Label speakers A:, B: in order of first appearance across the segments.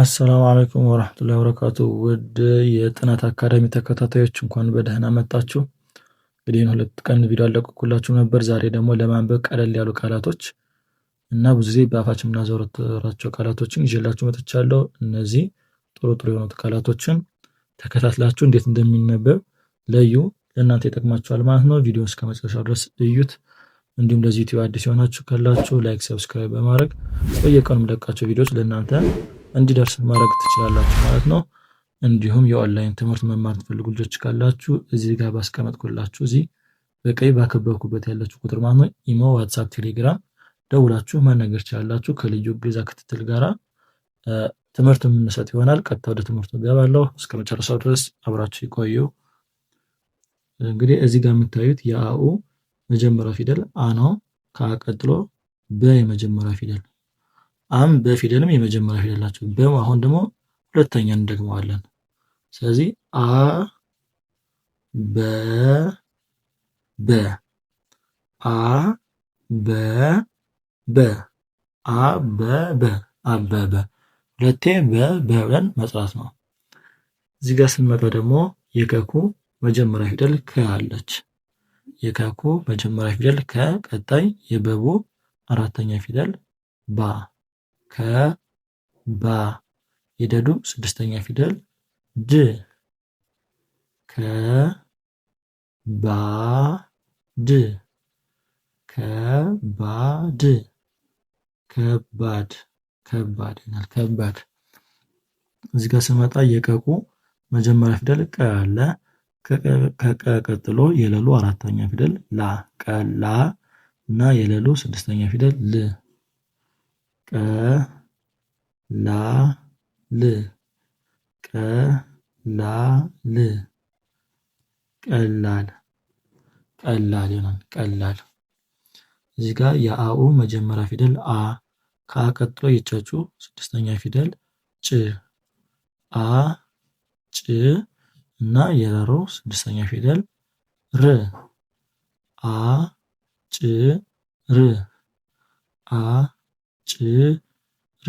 A: አሰላሙ አለይኩም ወራህመቱላሂ ወበረካቱ። ውድ የጥናት አካዳሚ ተከታታዮች እንኳን በደህና መጣችሁ። እንግዲህ ሁለት ቀን ቪዲዮ አለቀኩላችሁ ነበር። ዛሬ ደግሞ ለማንበብ ቀለል ያሉ ቃላቶች እና ብዙ ጊዜ በአፋችን የምናዘወትራቸው ቃላቶችን ይዤላችሁ መጥቻለሁ። እነዚህ ጥሩ ጥሩ የሆኑት ቃላቶችን ተከታትላችሁ እንዴት እንደሚነበብ ለዩ፣ ለእናንተ ይጠቅማችኋል ማለት ነው። ቪዲዮ እስከ መጨረሻው ድረስ እዩት። እንዲሁም ለዚህ ዩቲዩብ አዲስ የሆናችሁ ካላችሁ ላይክ፣ ሰብስክራይብ በማድረግ በየቀኑ የምለቃቸው ቪዲዮዎች ለእናንተ እንዲደርስ ማድረግ ትችላላችሁ ማለት ነው። እንዲሁም የኦንላይን ትምህርት መማር ትፈልጉ ልጆች ካላችሁ እዚህ ጋር ባስቀመጥኩላችሁ እዚህ በቀይ ባከበብኩበት ያለችሁ ቁጥር ማለት ነው ኢሞ፣ ዋትሳፕ፣ ቴሌግራም ደውላችሁ ማነገር ትችላላችሁ። ከልዩ ግዛ ክትትል ጋራ ትምህርት የምንሰጥ ይሆናል። ቀጥታ ወደ ትምህርቱ ገባለሁ። እስከ መጨረሻው ድረስ አብራችሁ ይቆዩ። እንግዲህ እዚህ ጋር የምታዩት የአኡ መጀመሪያ ፊደል አ ነው። ከአ ቀጥሎ በ የመጀመሪያ ፊደል አም በፊደልም የመጀመሪያ ፊደል ናቸው። በም አሁን ደግሞ ሁለተኛ እንደግመዋለን። ስለዚህ አ በ በ አ በ በ አ በ በ አበበ ሁለቴ በ በ ብለን መጽራት ነው። እዚህ ጋር ስንመጣ ደግሞ የከኩ መጀመሪያ ፊደል ከ አለች። የከኩ መጀመሪያ ፊደል ከ፣ ቀጣይ የበቡ አራተኛ ፊደል ባ ከባ ፊደሉ ስድስተኛ ፊደል ድ ከባድ ከባድ ከባድ ከባድ ይላል። ከባድ እዚህ ጋር ስመጣ የቀቁ መጀመሪያ ፊደል ቀ አለ። ከቀ ቀጥሎ የለሉ አራተኛ ፊደል ላ ቀላ እና የለሉ ስድስተኛ ፊደል ል ቀ ል ቀላል ቀላል ይሆናል። ቀላል እዚህ ጋር የአኡ መጀመሪያ ፊደል አ ከአ ቀጥሎ የጨጩ ስድስተኛ ፊደል ጭ አ ጭ እና የረሮ ስድስተኛ ፊደል ር አ ጭ ር አ ጭ ር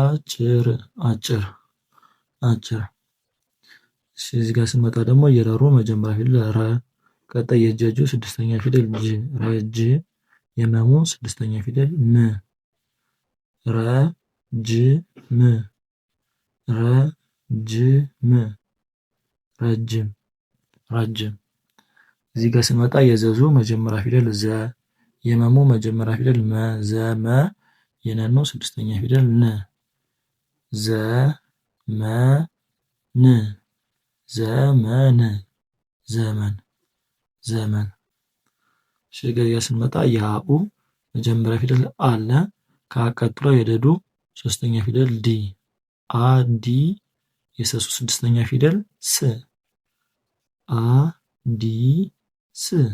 A: አጭር አጭር አጭር እዚህ ጋር ስንመጣ ደግሞ የረሩ መጀመሪያ ፊደል ረ ቀጣይ የጀ ስድስተኛ ፊደል ጅ ረጅ የመሙ ስድስተኛ ፊደል ም ረ ጅ ም ረ ጅ ም ረጅም ረጅም እዚህ ጋር ስንመጣ የዘዙ መጀመሪያ ፊደል ዘ የመሙ መጀመሪያ ፊደል መ ዘ መ የነኑ ስድስተኛ ፊደል ነ ዘመን ዘመን ዘመን ዘመን እሺ ስንመጣ የሀኡ መጀመሪያ ፊደል አለ ከሀ የደዱ ሶስተኛ ፊደል ዲ አ ዲ የሰሱ ስድስተኛ ፊደል ስ አ ዲ ስ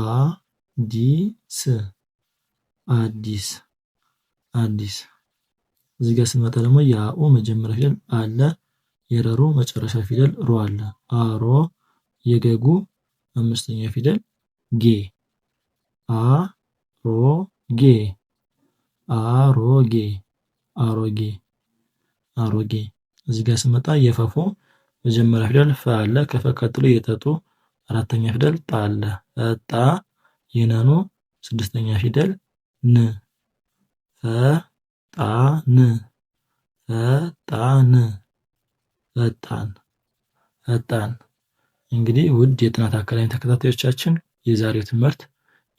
A: አ ዲ ስ አዲስ አዲስ እዚህ ጋር ስንመጣ ደግሞ ያኡ መጀመሪያ ፊደል አለ። የረሩ መጨረሻ ፊደል ሮ አለ። አሮ የገጉ አምስተኛ ፊደል ጌ አ ሮ ጌ አሮጌ አሮጌ ጌ። እዚህ ጋር ስንመጣ የፈፉ መጀመሪያ ፊደል ፈ አለ። ከፈ ቀጥሎ የተጡ አራተኛ ፊደል ጣ አለ። ጣ የነኑ ስድስተኛ ፊደል ን ፈ ጣን ጣን ጣን ጣን። እንግዲህ ውድ የጥናት አካዳሚ ተከታታዮቻችን የዛሬው ትምህርት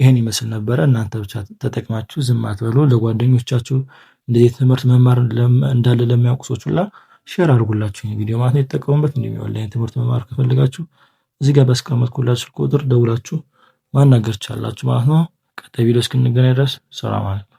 A: ይህን ይመስል ነበረ። እናንተ ብቻ ተጠቅማችሁ ዝም አትበሉ። ለጓደኞቻችሁ እንደዚህ ትምህርት መማር እንዳለ ለሚያውቁ ሰዎች ሁላ ሼር አድርጉላችሁ ቪዲዮ ማለት ነው የተጠቀሙበት። እንዲሁም የኦንላይን ትምህርት መማር ከፈልጋችሁ እዚህ ጋር ባስቀመጥኩላችሁ ስልክ ቁጥር ደውላችሁ ማናገር ቻላችሁ ማለት ነው። ቀጣይ ቪዲዮ እስክንገናኝ ድረስ ሰላም አለይኩም።